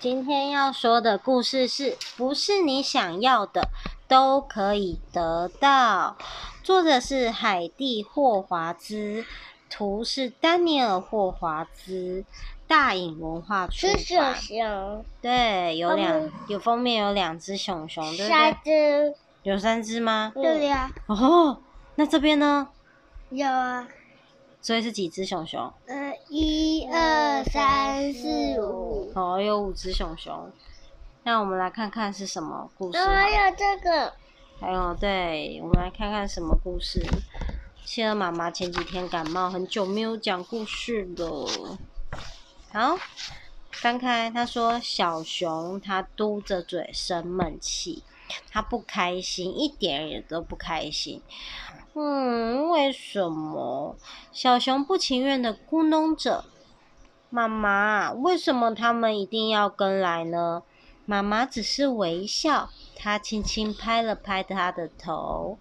今天要說的故事是不是你想要的都可以得到？作者是海蒂·霍華茲，圖是丹尼爾·霍華茲，上穎文化出版。對，有兩有封面有兩隻熊熊，嗯、對不三隻對不對？三隻？有三隻嗎？對、嗯、呀。哦、oh,，那這邊呢？有啊。所以是幾隻熊熊？呃、嗯，一二三四五。好、哦、有五隻熊熊。那我們來看看是什麼故事。啊、哦，還有這個。還有，對，我們來看看什麼故事。企鵝媽媽前幾天感冒，很久沒有講故事了。好，翻開，她說小熊它嘟着嘴生悶氣，它不開心，一點也都不開心。嗯，為什麼？小熊不情願的咕哝着：“媽媽，為什麼他們一定要跟來呢？”媽媽只是微笑，她輕輕拍了拍他的頭：“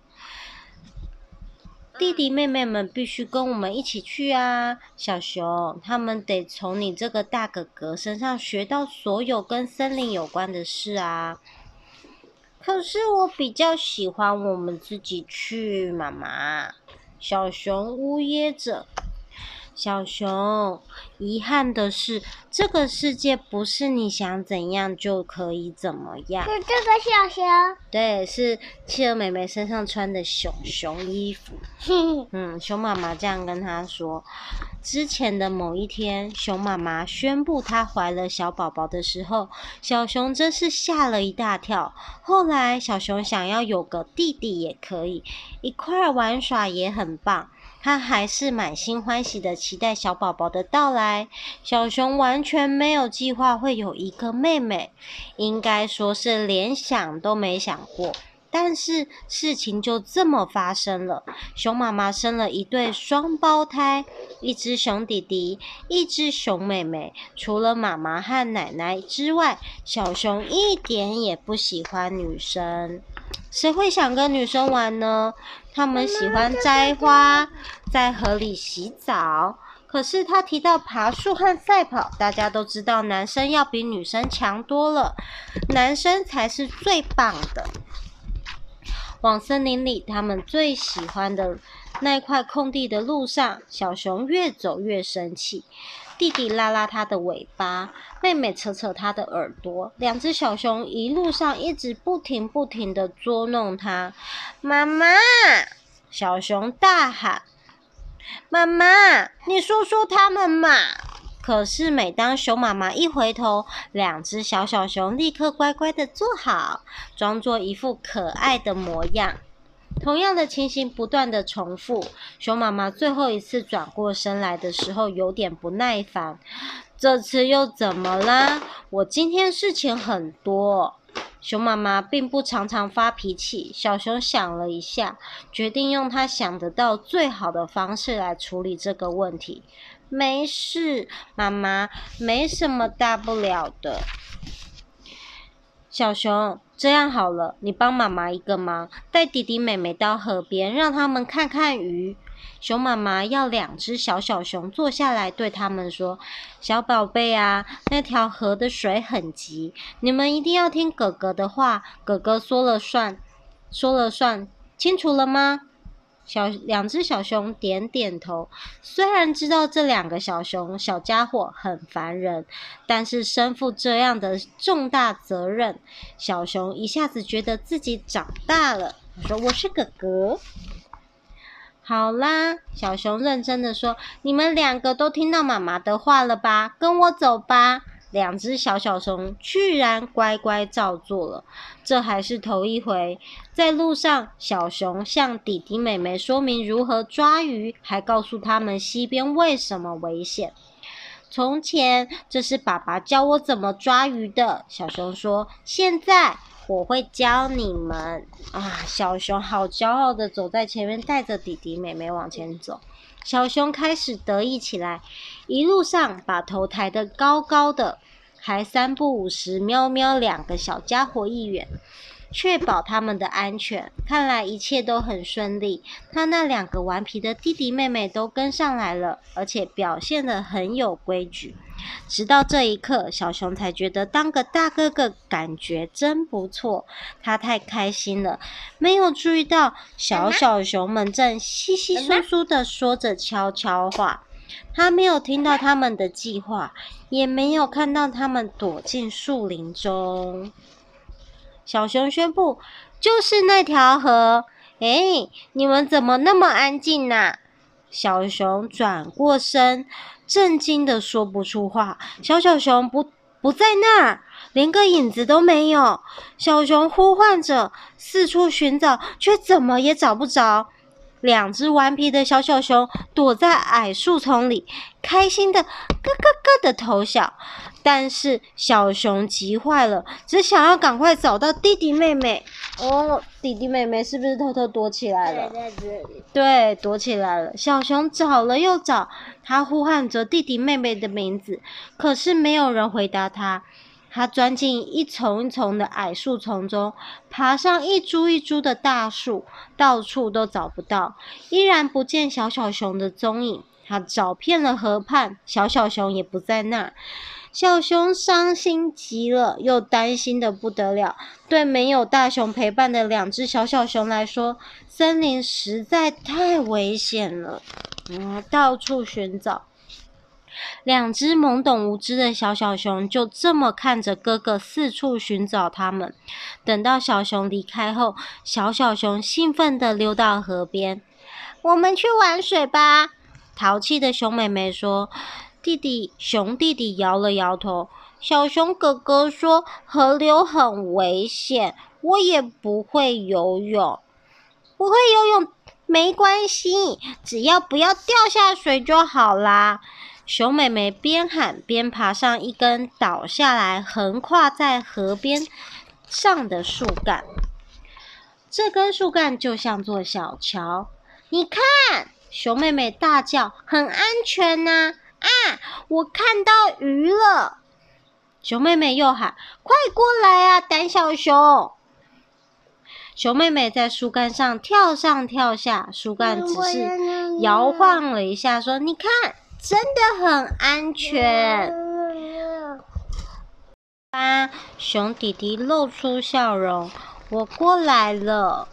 弟弟妹妹們必須跟我們一起去啊，小熊，他們得從你這個大哥哥身上學到所有跟森林有關的事啊。”可是我比較喜歡我們自己去，媽媽，小熊嗚咽着。小熊，遺憾的是，這個世界不是你想怎樣就可以怎麼樣。是這個小熊。對，是企鵝妹妹身上穿的熊熊衣服。嗯，熊媽媽這樣跟他說：“之前的某一天，熊媽媽宣布她懷了小寶寶的時候，小熊真是嚇了一大跳。後來，小熊想要有個弟弟也可以，一塊玩耍，也很棒。”他還是滿心歡喜地期待小寶寶的到來。小熊完全沒有計劃會有一個妹妹，應該說是連想都沒想過。但是事情就這麼發生了，熊媽媽生了一對雙胞胎，一隻熊弟弟，一隻熊妹妹。除了媽媽和奶奶之外，小熊一點也不喜歡女生。誰會想跟女生玩呢？他們喜歡摘花，在河裡洗澡。可是他提到爬樹和賽跑，大家都知道男生要比女生強多了，男生才是最棒的。往森林裡，他們最喜歡的那塊空地的路上，小熊越走越生氣。弟弟拉拉他的尾巴，妹妹扯扯他的耳朵，兩隻小熊一路上一直不停不停的捉弄他。媽媽，小熊大喊：“媽媽，你說說他們嘛！”可是，每當熊媽媽一回頭，兩隻小小熊立刻乖乖的坐好，裝作一副可愛的模樣。同樣的情形不斷的重複。熊媽媽最後一次轉過身來的時候，有點不耐煩。這次又怎麼啦？我今天事情很多。熊媽媽並不常常發脾氣。小熊想了一下，決定用他想得到最好的方式來處理這個問題。沒事，媽媽，沒什麼大不了的。小熊，這樣好了，你幫媽媽一個忙，帶弟弟妹妹到河邊，讓他們看看魚。熊媽媽要兩隻小小熊坐下來，對他們說：“小寶貝啊，那條河的水很急，你們一定要聽哥哥的話，哥哥說了算，說了算，清楚了嗎？”小，兩只小熊點點頭，雖然知道這兩個小熊小家伙很煩人，但是身負這樣的重大責任，小熊一下子覺得自己長大了。說：“我是哥哥。”好啦，小熊認真的說：“你們兩個都聽到媽媽的話了吧？跟我走吧。”兩隻小小熊居然乖乖照做了，這還是頭一回。在路上，小熊向弟弟妹妹說明如何抓魚，還告訴他們溪邊為什麼危險。從前，這是爸爸教我怎麼抓魚的。小熊說：“現在我會教你們。”啊，小熊好驕傲的走在前面，帶着弟弟妹妹往前走。小熊開始得意起來，一路上把頭抬得高高的，還三不五時喵喵兩個小家伙一遠。.確保他們的安全。看來一切都很順利。他那兩個頑皮的弟弟妹妹都跟上來了，而且表現得很有規矩。直到這一刻，小熊才覺得當個大哥哥感覺真不錯。他太開心了，沒有注意到小小熊們正稀稀疏疏的說着悄悄話。他沒有聽到他們的計劃，也沒有看到他們躲進樹林中。小熊宣佈：“就是那條河。”哎，你們怎麼那麼安靜吶？小熊轉過身，震驚的說不出話。小小熊不不在那兒，連個影子都沒有。小熊呼喚着，四處尋找，卻怎麼也找不着。兩隻頑皮的小小熊躲在矮樹叢裡，開心的咯咯咯的偷笑。但是小熊急壞了，只想要趕快找到弟弟妹妹。哦，弟弟妹妹是不是偷偷躲起來了？對，對，躲起來了。小熊找了又找，他呼喊着弟弟妹妹的名字，可是沒有人回答他。他鑽進一叢一叢的矮樹叢中，爬上一株一株的大樹，到處都找不到，依然不見小小熊的蹤影。他找遍了河畔，小小熊也不在那兒。小熊傷心極了，又擔心得不得了。對沒有大熊陪伴的兩隻小小熊來說，森林實在太危險了。嗯，到處尋找。兩隻懵懂無知的小小熊就這麼看着哥哥四處尋找他們。等到小熊離開後，小小熊興奮地溜到河邊：“我們去玩水吧！”淘氣的熊妹妹說：“弟弟，熊弟弟搖了搖頭。小熊哥哥說：‘河流很危險，我也不會游泳。’不會游泳，沒關係，只要不要掉下水就好啦。”熊妹妹邊喊邊爬上一根倒下來橫跨在河邊上的樹幹，這根樹幹就像座小橋。你看！熊妹妹大叫：“很安全吶！”啊，啊，我看到魚了。熊妹妹又喊：“快過來啊，膽小熊！”熊妹妹在樹幹上跳上跳下，樹幹只是搖晃了一下說，說：“你看，真的很安全。”啊，熊弟弟露出笑容：“我過來了。”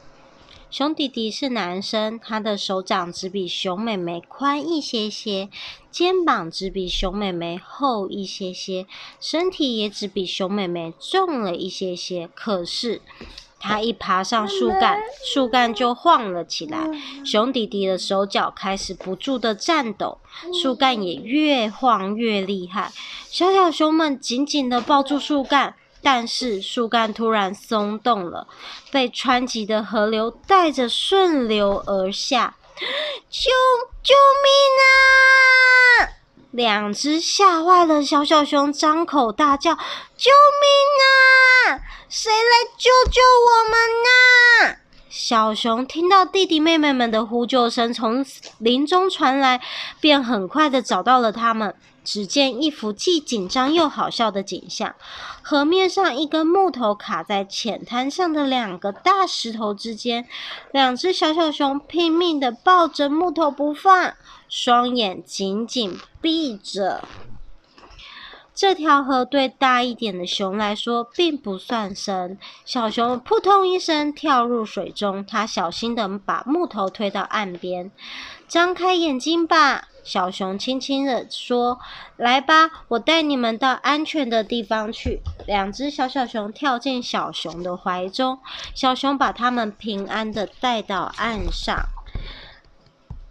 熊弟弟是男生，他的手掌只比熊妹妹寬一些些，肩膀只比熊妹妹厚一些些，身體也只比熊妹妹重了一些些。可是，他一爬上樹幹，樹幹就晃了起來，熊弟弟的手腳開始不住地顫抖，樹幹也越晃越厲害。小小熊們緊緊地抱住樹幹。但是樹幹突然鬆動了，被湍急的河流帶着順流而下，救救命啊！兩隻嚇壞了小小熊張口大叫：“救命啊！誰來救救我們啊？”小熊聽到弟弟妹妹們的呼救聲從林中傳來，便很快地找到了他們。只見一幅既緊張又好笑的景象：河面上一根木頭卡在淺灘上的兩個大石頭之間，兩只小小熊拼命的抱着木頭不放，雙眼緊緊閉着。這條河對大一點的熊來說並不算深，小熊撲通一聲跳入水中，它小心的把木頭推到岸邊，張開眼睛吧。小熊輕輕的說：“來吧，我帶你們到安全的地方去。”兩隻小小熊跳進小熊的懷中，小熊把他們平安的帶到岸上。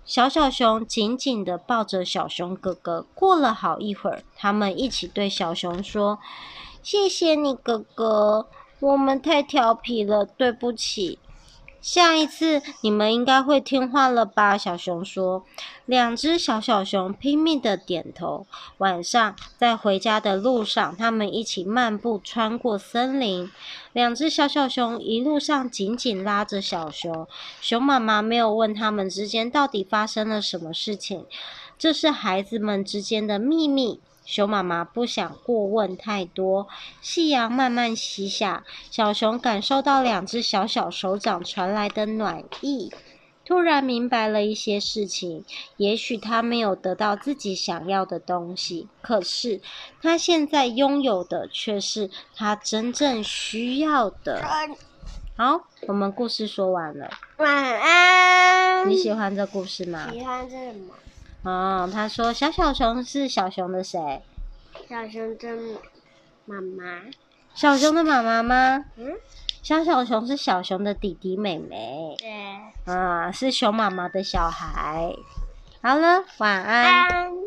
小小熊緊緊的抱着小熊哥哥。過了好一會兒，他們一起對小熊說：“謝謝你，哥哥，我們太調皮了，對不起。”下一次你們應該會聽話了吧？小熊說。兩隻小小熊拼命的點頭。晚上在回家的路上，他們一起漫步穿過森林。兩隻小小熊一路上緊緊拉着小熊。熊媽媽沒有問他們之間到底發生了什麼事情，這是孩子們之間的秘密。熊媽媽不想過問太多。夕陽慢慢西下，小熊感受到兩隻小小手掌傳來的暖意，突然明白了一些事情。也許他沒有得到自己想要的東西，可是他現在擁有的却是他真正需要的。好，我們故事說完了。晚安。你喜歡這故事嗎？喜歡這個嗎？哦，他說，小小熊是小熊的誰？小熊的媽媽。小熊的媽媽嗎？嗯，小小熊是小熊的弟弟妹妹。對，啊、嗯，是熊媽媽的小孩。好了，晚安。晚安。